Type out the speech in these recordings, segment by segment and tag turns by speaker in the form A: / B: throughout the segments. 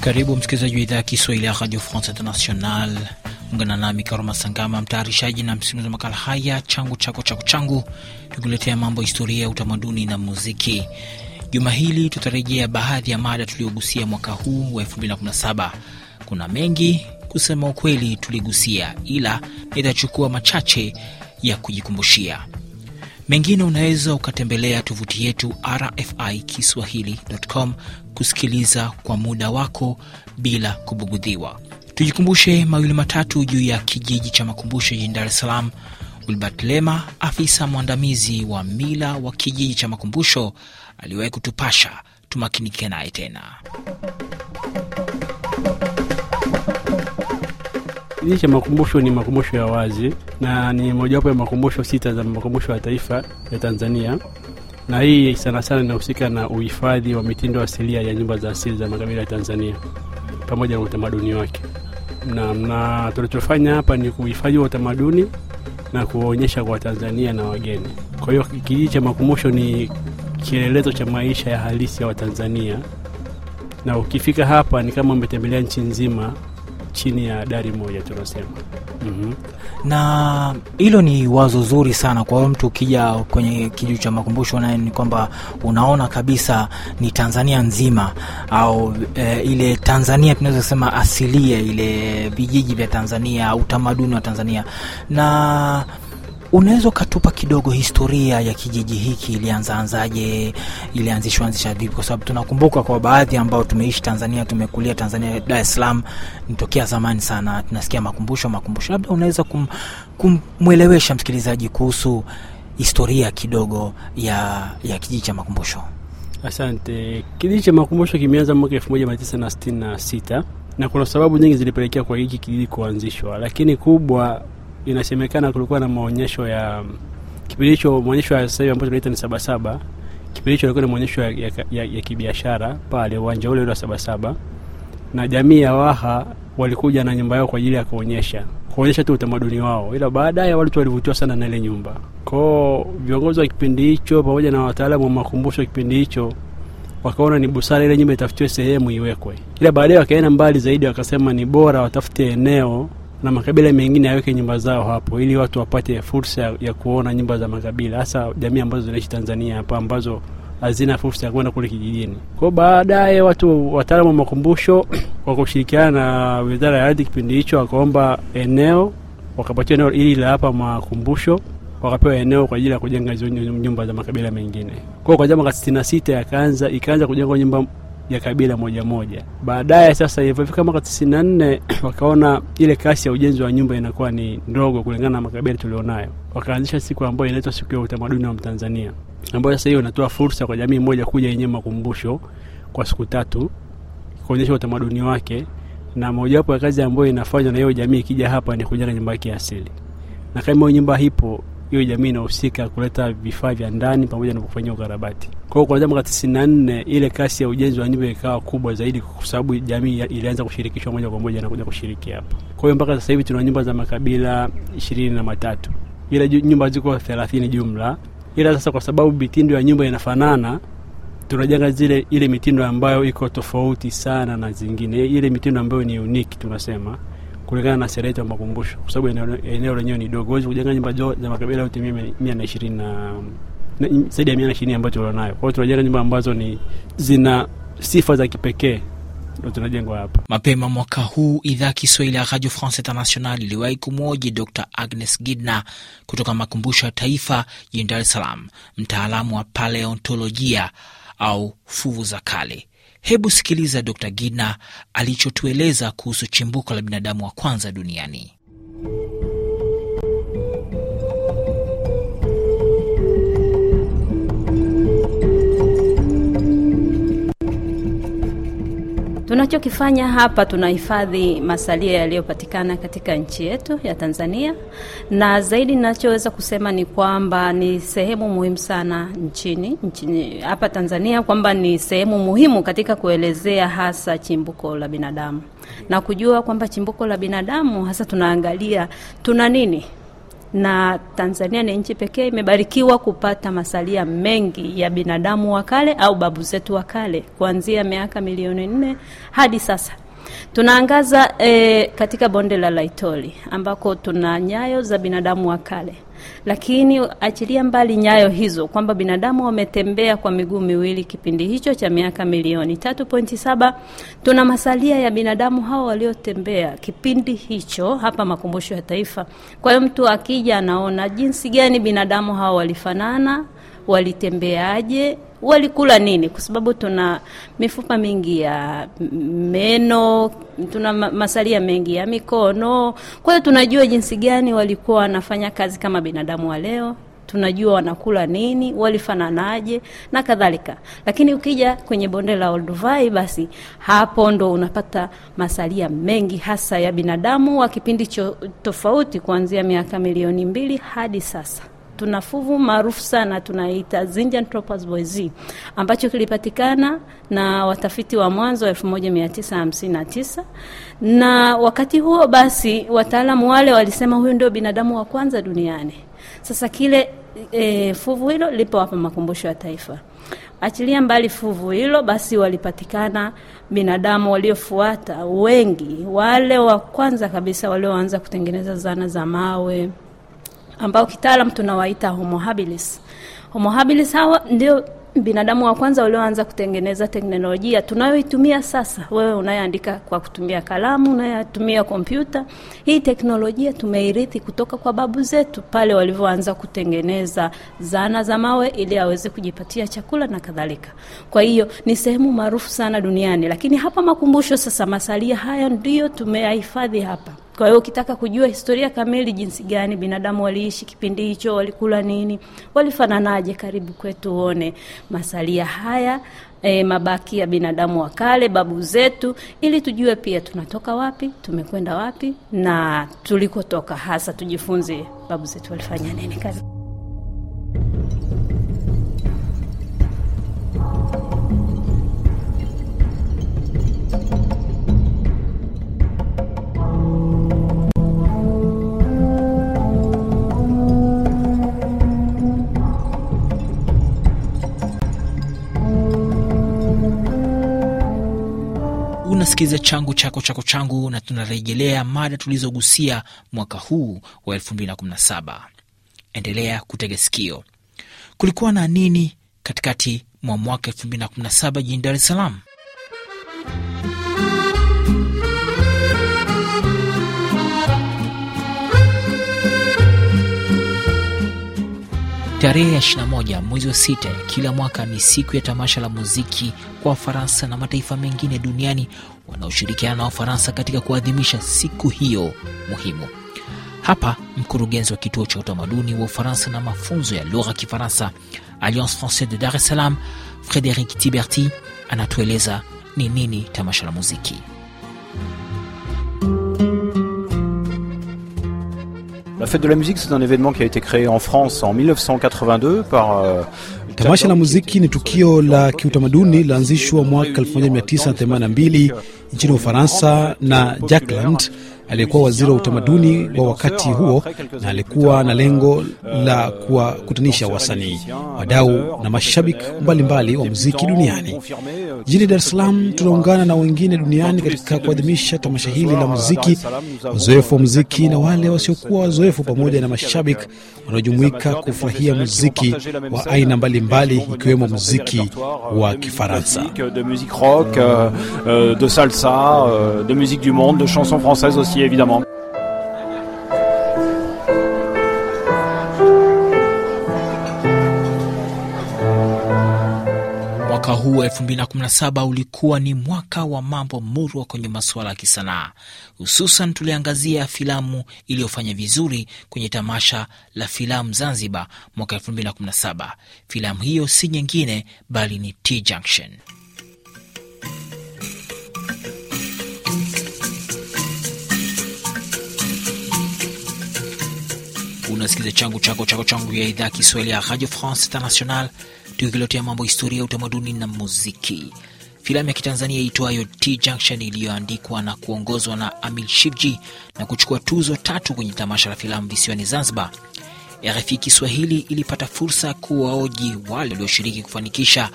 A: Karibu msikilizaji wa idhaa ya Kiswahili ya Radio France International. Ungana nami Karoma Sangama, mtayarishaji na msimuzi wa makala haya, changu chako chako changu, tukuletea mambo ya historia, utamaduni na muziki. Juma hili tutarejea baadhi ya mada tuliogusia mwaka huu wa 2017. Kuna mengi kusema ukweli tuligusia, ila nitachukua machache ya kujikumbushia. Mengine unaweza ukatembelea tovuti yetu RFI Kiswahili.com kusikiliza kwa muda wako bila kubugudhiwa. Tujikumbushe mawili matatu juu ya kijiji cha makumbusho jijini Dar es Salaam. Wilbert Lema, afisa mwandamizi wa mila wa kijiji cha makumbusho, aliwahi kutupasha. Tumakinike naye tena.
B: Kijiji cha makumbusho ni makumbusho ya wazi na ni mojawapo ya makumbusho sita za makumbusho ya taifa ya Tanzania na hii sana sana inahusika na uhifadhi wa mitindo asilia ya nyumba za asili za makabila ya Tanzania pamoja na utamaduni wake. Na, na tunachofanya hapa ni kuhifadhi wa utamaduni na kuwaonyesha kwa Watanzania na wageni. Kwa hiyo kijiji cha Makumbusho ni kielelezo cha maisha ya halisi ya Watanzania, na ukifika hapa ni kama umetembelea nchi nzima chini ya dari moja tunasema. mm-hmm.
A: Na hilo ni wazo zuri sana kwa mtu. Ukija kwenye kijuu cha makumbusho, naye ni kwamba unaona kabisa ni Tanzania nzima au e, ile Tanzania tunaweza kusema asilia, ile vijiji vya Tanzania, utamaduni wa Tanzania na Unaweza ukatupa kidogo historia ya kijiji hiki, ilianzaanzaje? Ilianzishwa anzisha vipi? Kwa sababu tunakumbuka kwa baadhi ambao tumeishi Tanzania, tumekulia Tanzania, Dar es Salaam nitokea zamani sana, tunasikia makumbusho makumbusho. Labda unaweza kumwelewesha msikilizaji kuhusu historia kidogo ya, ya kijiji cha
B: makumbusho. Asante. Kijiji cha makumbusho kimeanza mwaka 1966 na kuna sababu nyingi zilipelekea kwa hiki kijiji kuanzishwa, lakini kubwa inasemekana kulikuwa na maonyesho ya kipindi hicho, maonyesho ya sasa hivi ambacho tunaita ni Sabasaba. Kipindi hicho ilikuwa ni maonyesho ya, ya, ya, ya kibiashara pale uwanja ule ule wa Sabasaba, na jamii ya Waha walikuja na nyumba yao kwa ajili ya kuonyesha kuonyesha tu utamaduni wao, ila baadaye watu walivutiwa sana na ile nyumba. Kwao viongozi wa kipindi hicho pamoja na wataalamu wa makumbusho wa kipindi hicho wakaona ni busara ile nyumba itafutiwe sehemu iwekwe, ila baadaye wakaenda mbali zaidi, wakasema ni bora watafute eneo na makabila mengine yaweke nyumba zao hapo, ili watu wapate fursa ya, kuona nyumba za makabila, hasa jamii ambazo zinaishi Tanzania hapa ambazo hazina fursa ya kwenda kule kijijini. kwao baadaye, watu wataalamu wa makumbusho kwa kushirikiana na wizara ya ardhi kipindi hicho wakaomba eneo, wakapatiwa eneo ili la hapa makumbusho, wakapewa eneo kwa ajili ya kujenga hizo nyumba za makabila mengine. kwao kwa mwaka 66 yakaanza ikaanza kujengwa nyumba ya kabila moja moja. Baadaye sasa ilivyofika mwaka tisini na nne wakaona ile kasi ya ujenzi wa nyumba inakuwa ni ndogo kulingana na makabila tulionayo, wakaanzisha siku ambayo inaitwa siku ya utamaduni wa Mtanzania, ambayo sasa hiyo inatoa fursa kwa jamii moja kuja yenyewe makumbusho kwa siku tatu kuonyesha utamaduni wake, na mojawapo ya kazi ambayo inafanywa na hiyo jamii ikija hapa ni kujenga nyumba yake asili, na kama hiyo nyumba hipo hiyo jamii inahusika kuleta vifaa vya ndani pamoja na kufanyia ukarabati. Kwa hiyo kuanzia mwaka tisini na nne ile kasi ya ujenzi wa nyumba ikawa kubwa zaidi, kwa sababu jamii ilianza kushirikishwa moja kwa moja na kuja kushiriki hapo. Kwa hiyo mpaka sasa hivi tuna nyumba za makabila ishirini na matatu ila nyumba ziko thelathini jumla, ila sasa kwa sababu mitindo ya nyumba inafanana tunajenga zile ile mitindo ambayo iko tofauti sana na zingine, ile mitindo ambayo ni unique tunasema kulingana na sherehe za makumbusho, kwa sababu eneo lenyewe ni dogo. Huwezi kujenga nyumba za makabila yote mia na ishirini na zaidi ya mia na ishirini ambayo tulionayo. Kwa hiyo tunajenga nyumba ambazo ni zina sifa za kipekee ndo tunajengwa hapa.
A: Mapema mwaka huu idhaa ya Kiswahili ya Radio France International iliwahi kumwoji Dr Agnes Gidna kutoka makumbusho ya taifa jijini Dar es Salaam, mtaalamu wa paleontolojia au fuvu za kale. Hebu sikiliza Dr. gina alichotueleza kuhusu chimbuko la binadamu wa kwanza duniani.
C: Tunachokifanya hapa tunahifadhi masalia yaliyopatikana katika nchi yetu ya Tanzania, na zaidi ninachoweza kusema ni kwamba ni sehemu muhimu sana nchini nchini hapa Tanzania, kwamba ni sehemu muhimu katika kuelezea hasa chimbuko la binadamu na kujua kwamba chimbuko la binadamu hasa tunaangalia tuna nini na Tanzania ni nchi pekee imebarikiwa kupata masalia mengi ya binadamu wa kale au babu zetu wa kale kuanzia miaka milioni nne hadi sasa. Tunaangaza e, katika bonde la Laitoli ambako tuna nyayo za binadamu wa kale. Lakini achilia mbali nyayo hizo kwamba binadamu wametembea kwa miguu miwili kipindi hicho cha miaka milioni 3.7, tuna masalia ya binadamu hao waliotembea kipindi hicho hapa makumbusho ya Taifa. Kwa hiyo mtu akija anaona jinsi gani binadamu hao walifanana walitembeaje, walikula nini, kwa sababu tuna mifupa mingi ya meno, tuna masalia mengi ya mikono. Kwa hiyo tunajua jinsi gani walikuwa wanafanya kazi kama binadamu wa leo tunajua wanakula nini, walifananaje na kadhalika. Lakini ukija kwenye bonde la Olduvai, basi hapo ndo unapata masalia mengi hasa ya binadamu wa kipindi tofauti, kuanzia miaka milioni mbili hadi sasa tuna fuvu maarufu sana tunaita Zinjan Tropaz Boyz ambacho kilipatikana na watafiti wa mwanzo wa 1959 na wakati huo basi wataalamu wale walisema huyu ndio binadamu wa kwanza duniani. Sasa kile e, fuvu hilo lipo hapa makumbusho ya taifa. Achilia mbali fuvu hilo, basi walipatikana binadamu waliofuata wengi, wale wa kwanza kabisa walioanza kutengeneza zana za mawe ambao kitaalam tunawaita Homo habilis. Homo habilis hawa ndio binadamu wa kwanza walioanza kutengeneza teknolojia tunayoitumia sasa. Wewe unayeandika kwa kutumia kalamu, unayetumia kompyuta, hii teknolojia tumeirithi kutoka kwa babu zetu pale walivyoanza kutengeneza zana za mawe ili aweze kujipatia chakula na kadhalika. Kwa hiyo ni sehemu maarufu sana duniani, lakini hapa makumbusho sasa, masalia haya ndiyo tumeyahifadhi hapa. Kwa hiyo ukitaka kujua historia kamili, jinsi gani binadamu waliishi kipindi hicho, walikula nini, walifananaje, karibu kwetu uone masalia haya E, mabaki ya binadamu wa kale, babu zetu, ili tujue pia tunatoka wapi, tumekwenda wapi na tulikotoka hasa, tujifunze babu zetu walifanya nini kazi
A: unasikiliza changu chako chako changu, na tunarejelea mada tulizogusia mwaka huu wa 217 Endelea kutega sikio. Kulikuwa na nini katikati mwa mwaka 217 jijini dares Salaam? Tarehe ya 21 mwezi wa sita kila mwaka ni siku ya tamasha la muziki kwa Wafaransa na mataifa mengine duniani wanaoshirikiana na Wafaransa katika kuadhimisha siku hiyo muhimu. Hapa mkurugenzi wa kituo cha utamaduni wa Ufaransa na mafunzo ya lugha Kifaransa, Alliance Francaise de Dar es Salaam, Frederic Tiberti anatueleza ni nini tamasha la muziki.
D: La fête de la musique, c'est un événement qui a été créé en France en 1982 par euh, Tamasha la muziki ni tukio la kiutamaduni lililoanzishwa mwaka 1982 nchini Ufaransa na Jackland aliyekuwa waziri wa utamaduni wa wakati huo, na alikuwa na lengo la kuwakutanisha wasanii, wadau na mashabiki mbalimbali wa muziki duniani. Jijini Dar es Salaam tunaungana na wengine duniani katika kuadhimisha tamasha hili la muziki, wazoefu wa muziki na wale wasiokuwa wazoefu, pamoja na mashabiki wanaojumuika kufurahia muziki wa aina mbalimbali ikiwemo muziki wa Kifaransa de musique rock, euh, euh, de salsa, euh, de musique du monde, de chansons françaises aussi apprécié évidemment.
A: Mwaka huu wa 2017 ulikuwa ni mwaka wa mambo murwa kwenye masuala ya kisanaa. Hususan tuliangazia filamu iliyofanya vizuri kwenye tamasha la filamu Zanzibar mwaka 2017. Filamu hiyo si nyingine bali ni T Junction. unasikiliza changu chako chako changu ya idhaa Kiswahili ya Radio France International, tukikilotea mambo historia ya utamaduni na muziki. Filamu ya kitanzania itwayo T Junction iliyoandikwa na kuongozwa na Amil Shivji na kuchukua tuzo tatu kwenye tamasha la filamu visiwani Zanzibar. RFI Kiswahili ilipata fursa ya kuwaoji wale walioshiriki kufanikisha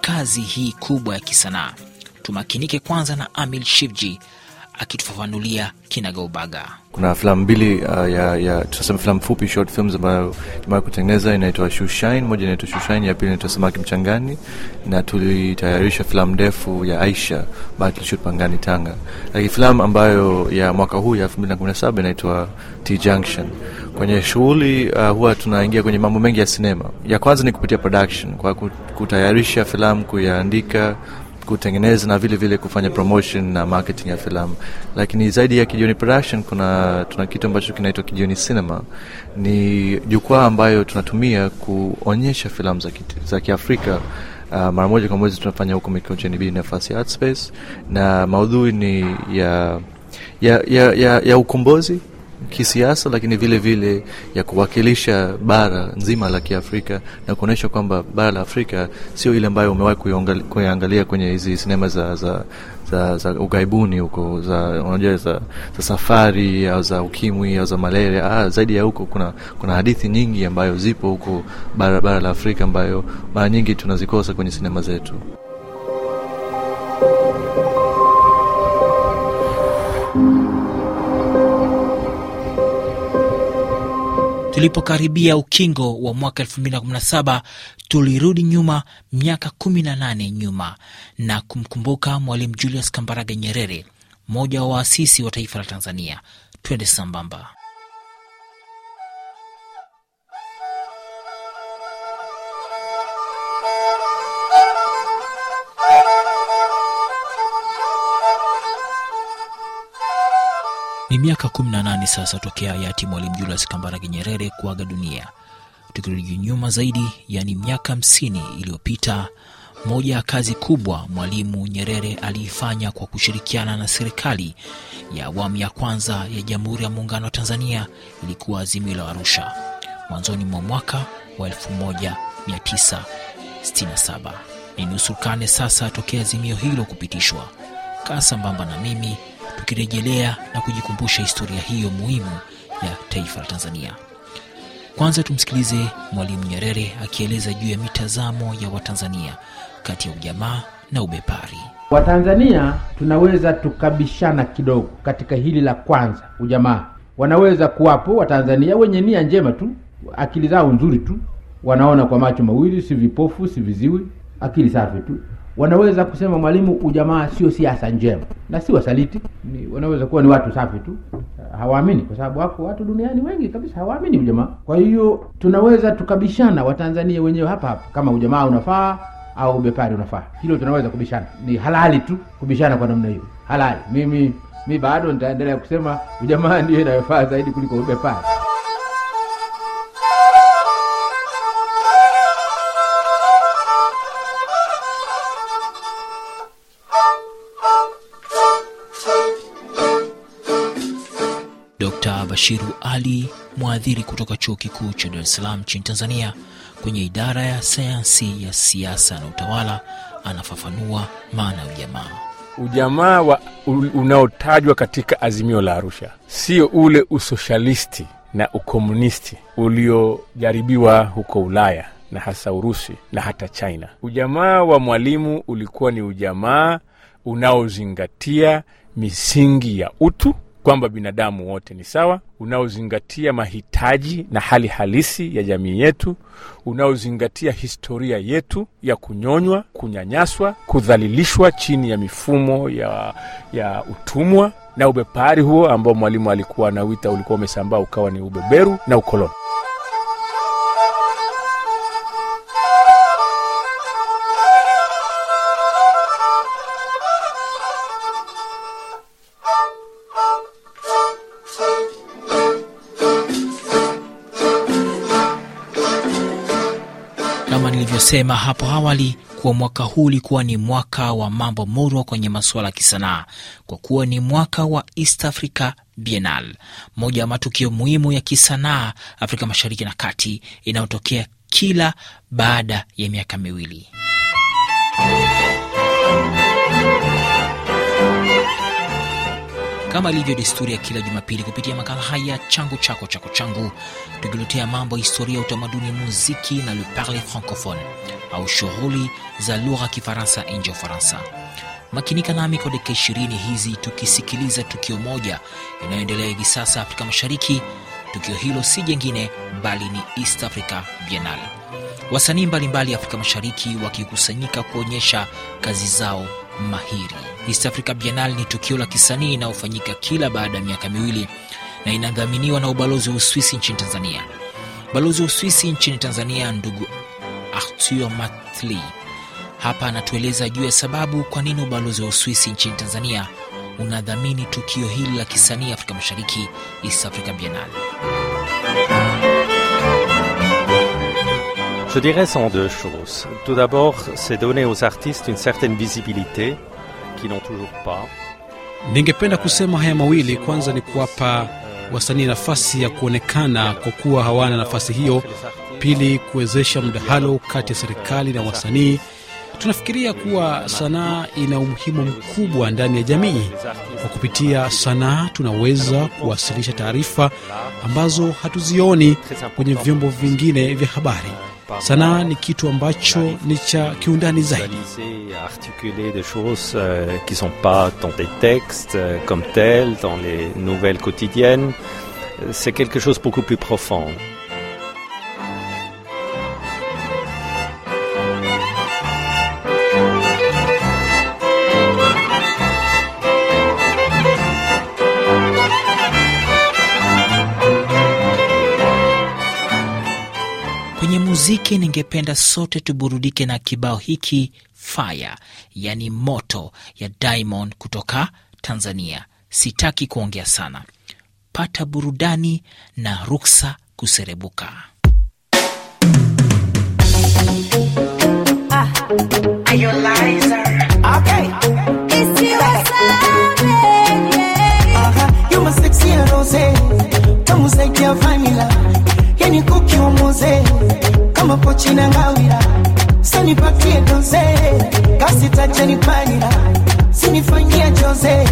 A: kazi hii kubwa ya kisanaa. Tumakinike kwanza na Amil Shivji akitufafanulia kinagaubaga.
E: Kuna filamu mbili uh, ya, ya tunasema filamu fupi short films ambayo imewai kutengeneza inaitwa shushin Moja inaitwa shushin ya pili inaitwa Samaki Mchangani, na tulitayarisha filamu ndefu ya Aisha ambayo tulishut Pangani, Tanga. Lakini filamu ambayo ya mwaka huu ya 2017 inaitwa T Junction. Kwenye shughuli uh, huwa tunaingia kwenye mambo mengi ya sinema. Ya kwanza ni kupitia production, kwa kutayarisha filamu, kuyaandika kutengeneza na vile vile kufanya promotion na marketing ya filamu. Lakini zaidi ya Kijioni Production, kuna tuna kitu ambacho kinaitwa Kijioni Cinema. Ni jukwaa ambayo tunatumia kuonyesha filamu za, za Kiafrika. Uh, mara moja kwa mwezi tunafanya huko Mikocheni B nafasi Art Space, na maudhui ni ya ya, ya, ya, ya ukombozi kisiasa, lakini vile vile ya kuwakilisha bara nzima la Kiafrika na kuonyesha kwamba bara la Afrika sio ile ambayo umewahi kuiangalia kwenye hizi sinema za, za za, za ugaibuni huko za unajua za, za safari au za ukimwi au za malaria. Ah, zaidi ya huko kuna kuna hadithi nyingi ambayo zipo huko bara, bara la Afrika ambayo mara nyingi tunazikosa kwenye sinema zetu.
A: Tulipokaribia ukingo wa mwaka 2017 tulirudi nyuma miaka 18 nyuma na kumkumbuka Mwalimu Julius Kambarage Nyerere, mmoja wa waasisi wa taifa la Tanzania. Twende sambamba. Ni miaka 18 sasa tokea hayati Mwalimu Julius Kambarage Nyerere kuaga dunia. Tukirudi nyuma zaidi, yani miaka 50 iliyopita, moja ya kazi kubwa Mwalimu Nyerere aliifanya kwa kushirikiana na serikali ya awamu ya kwanza ya Jamhuri ya Muungano wa Tanzania ilikuwa Azimio la Arusha mwanzoni mwa mwaka wa 1967. Ni nusu sasa tokea azimio hilo kupitishwa. Kaa sambamba na mimi tukirejelea na kujikumbusha historia hiyo muhimu ya taifa la Tanzania. Kwanza tumsikilize Mwalimu Nyerere akieleza juu ya mitazamo ya Watanzania kati ya ujamaa na ubepari.
D: Watanzania tunaweza tukabishana kidogo katika hili la kwanza, ujamaa. Wanaweza kuwapo Watanzania wenye nia njema tu, akili zao nzuri tu, wanaona kwa macho mawili, si vipofu, si viziwi, akili safi tu, wanaweza kusema mwalimu, ujamaa sio siasa njema, na si wasaliti, wanaweza kuwa ni watu safi tu, hawaamini kwa sababu wako watu duniani wengi kabisa hawaamini ujamaa. Kwa hiyo tunaweza tukabishana Watanzania wenyewe hapa hapa kama ujamaa unafaa au ubepari unafaa. Hilo tunaweza kubishana, ni halali tu kubishana kwa namna hiyo, halali. Mimi mi bado nitaendelea kusema ujamaa ndio inayofaa zaidi kuliko ubepari.
A: Bashiru Ali, mwadhiri kutoka Chuo Kikuu cha Dar salam Salaam nchini Tanzania kwenye idara ya sayansi ya siasa na utawala, anafafanua maana ya ujamaa.
B: Ujamaa unaotajwa katika Azimio la Arusha sio ule usoshalisti na ukomunisti uliojaribiwa huko Ulaya na hasa Urusi na hata China. Ujamaa wa Mwalimu ulikuwa ni ujamaa unaozingatia misingi ya utu kwamba binadamu wote ni sawa, unaozingatia mahitaji na hali halisi ya jamii yetu, unaozingatia historia yetu ya kunyonywa, kunyanyaswa, kudhalilishwa chini ya mifumo ya, ya utumwa na ubepari huo ambao mwalimu alikuwa anawita, ulikuwa umesambaa ukawa ni ubeberu na ukoloni.
A: nilivyosema hapo awali kuwa mwaka huu ulikuwa ni mwaka wa mambo murwa kwenye masuala ya kisanaa kwa kuwa ni mwaka wa East Africa bienal moja ya matukio muhimu ya kisanaa Afrika Mashariki na Kati inayotokea kila baada ya miaka miwili. kama ilivyo desturi ya kila Jumapili, kupitia makala haya changu chako chako changu, tukiletea mambo ya historia, utamaduni, muziki na le parle francophone au shughuli za lugha ya Kifaransa nje ya Ufaransa. Makinika nami kwa dakika ishirini hizi tukisikiliza tukio moja inayoendelea hivi sasa Afrika Mashariki. Tukio hilo si jengine bali ni East Africa bienal wasanii mbalimbali Afrika Mashariki wakikusanyika kuonyesha kazi zao mahiri. East Africa Biennale ni tukio la kisanii inayofanyika kila baada ya miaka miwili na inadhaminiwa na ubalozi wa Uswisi nchini Tanzania. Balozi wa Uswisi nchini Tanzania ndugu Arthur Matli hapa anatueleza juu ya sababu kwa nini ubalozi wa Uswisi nchini Tanzania unadhamini tukio hili la kisanii Afrika Mashariki, East Africa Biennale.
D: Je dirais en deux choses. Tout d'abord, c'est donner aux artistes une certaine visibilité qui n'ont toujours pas. Ningependa kusema haya mawili. Kwanza ni kuwapa wasanii nafasi ya kuonekana kwa kuwa hawana nafasi hiyo. Pili, kuwezesha mdahalo kati ya serikali na wasanii. Tunafikiria kuwa sanaa ina umuhimu mkubwa ndani ya jamii. Kwa kupitia sanaa tunaweza kuwasilisha taarifa ambazo hatuzioni kwenye vyombo vingine vya habari. Sanaa articuler des choses euh, qui sont pas dans des textes euh, comme tels dans les nouvelles quotidiennes euh, c'est quelque chose beaucoup plus profond.
A: Kwenye muziki, ningependa sote tuburudike na kibao hiki Fire, yani moto ya Diamond kutoka Tanzania. Sitaki kuongea sana, pata burudani na ruksa kuserebuka.
F: Ah, changu chinangawira sanipatie doze kasitache nipanyira sinifanyia joze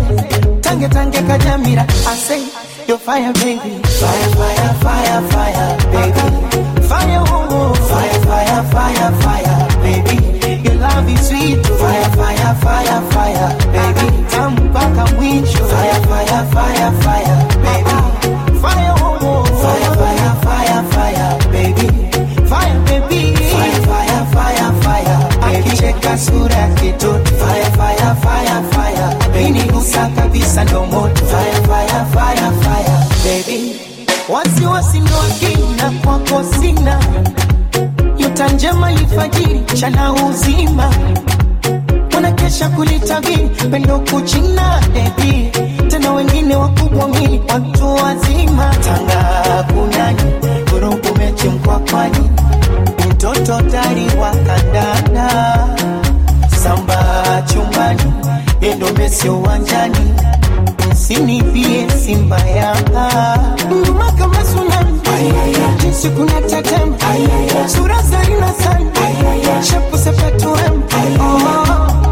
F: tange tange kajamira asei Yo fire baby fire fire fire fire baby fire oh, oh. fire fire fire baby your love is sweet fire fire fire fire baby tamu mpaka mwisho fire fire fire fire sina yuta njema ifajiri chana uzima wanakesha kulitabiri pendo kuchina dedi tena wengine wakubwa mili watu wazima tanga kunani gurupu mechi mkwakwani mtoto tari wa samba chumbani endo Messi uwanjani msinipie Simba Yanga Oh,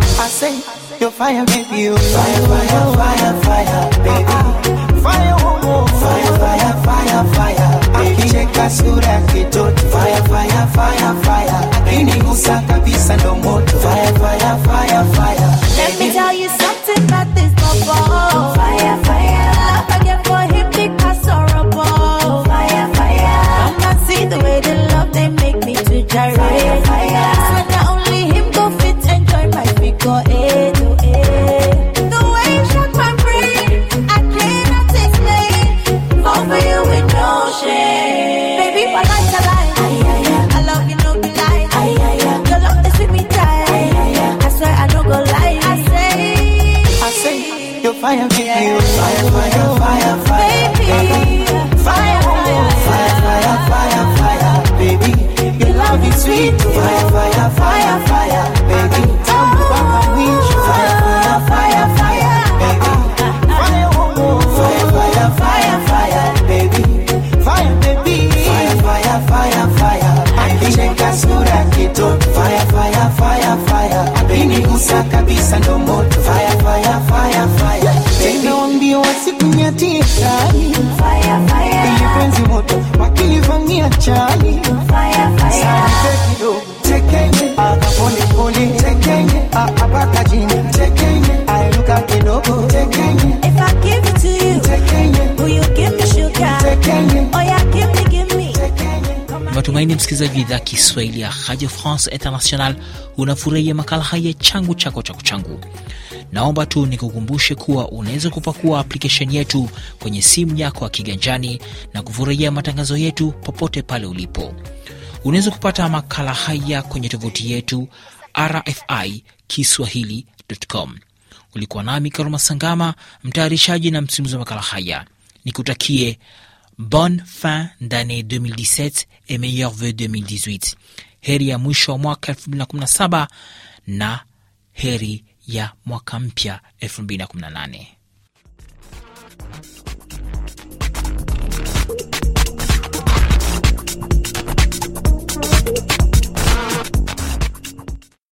F: I say, you're fire, baby, you oh. fire, fire, fire, fire, baby, fire, oh, fire, fire, fire, baby. fire, fire, fire, fire, fire, fire, fire, fire. Let me tell you something about this bubble. Tyrone. Saka
A: msikilizaji idhaa Kiswahili ya Radio France International, unafurahia makala haya changu chako chako changu. Naomba tu nikukumbushe kuwa unaweza kupakua aplikesheni yetu kwenye simu yako ya kiganjani na kufurahia matangazo yetu popote pale ulipo. Unaweza kupata makala haya kwenye tovuti yetu RFI Kiswahili.com. Ulikuwa nami Karuma Sangama, mtayarishaji na msimuzi wa makala haya, nikutakie Bonne fin d'année 2017 et meilleurs vœux 2018. Heri ya mwisho wa mwaka 2017 na heri ya mwaka mpya 2018.